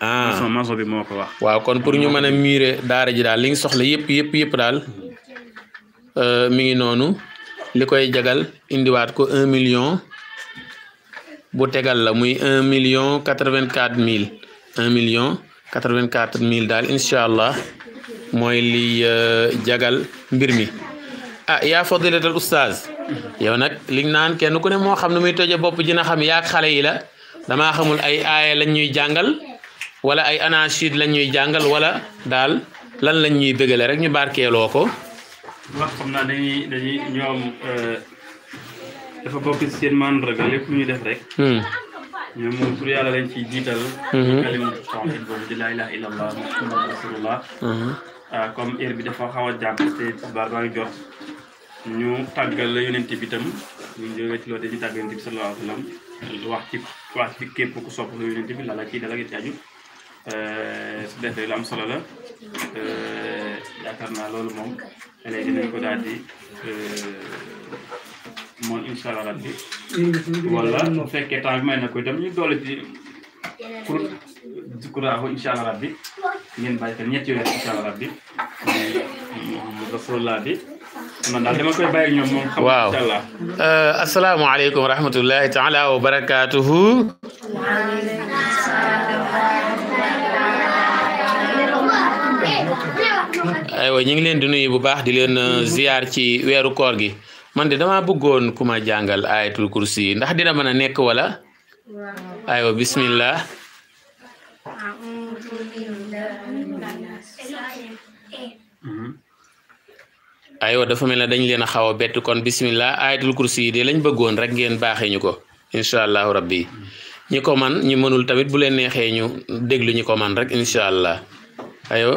ah sama maçon waaw kon pour ñu mën a miire daara ji daal li ñu soxla yëpp yëpp yëpp daal euh, mi ngi noonu li koy jagal indiwaat ko un million bu tegal la muy un million quatre vingt quatre mille million quatre vingt quatre mille daal incha allah mooy li euh, jagal mbir mi. ah yaa fadilatal oustaz yow nag liñ naan kenn ku ne moo xam ne muy toje bopp dina xam yaak xale yi la damaa xamul ay aaya lañ ñuy jàngal. wala ay anachid la ñuy jàngal wala daal lan lañ ñuy bëggale rek ñu barkeeloo ko. wax xam naa dañuy dañuy ñoom euh, dafa ñu def rek. Hmm. ñoom yàlla lañ ciy jiital. Hmm. kalimatu tawhid laa ilaaha illallah muhammadu hmm. ah, comme heure bi dafa xaw a jàpp te xibaar baa ñu tàggal la yonent bi itam bi sallallahu wax ci wax ci képp ku sopp la yonent bi la la ciy dal ak it su defee lu am solo la eh, yaakaar naa loolu moom léegi dinañ ko daal di eh, moom incha allah rabbi wala bu fekkee temps bi may na ko itam ñu doole ci pour zikuraahu incha allah rabbi ngeen bàyyi xel ñetti weer incha allah rabbi rasulullah bi man daal dama koy bàyyi ñoom moom. waaw asalaamaaleykum eh, wa rahmatullahi taala wa barakaatuhu. aywa ñu ngi leen di nuyu bu baax di leen euh, ziar ci weeru koor gi man de damaa bëggoon ku jàngal ayatul kursi ndax dina mën a nekk wala aywa bismillah aywa dafa mel ne dañ leen xaw a bett kon bismillah ayatul kursi de lañ bëggoon rek ngeen baaxee ñu ko incha allahu rabbi ñi ko man ñi mënul tamit bu leen neexee ñu déglu ñi ko man rek incha allah aywa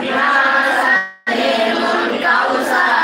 Bima sa'e mun kausa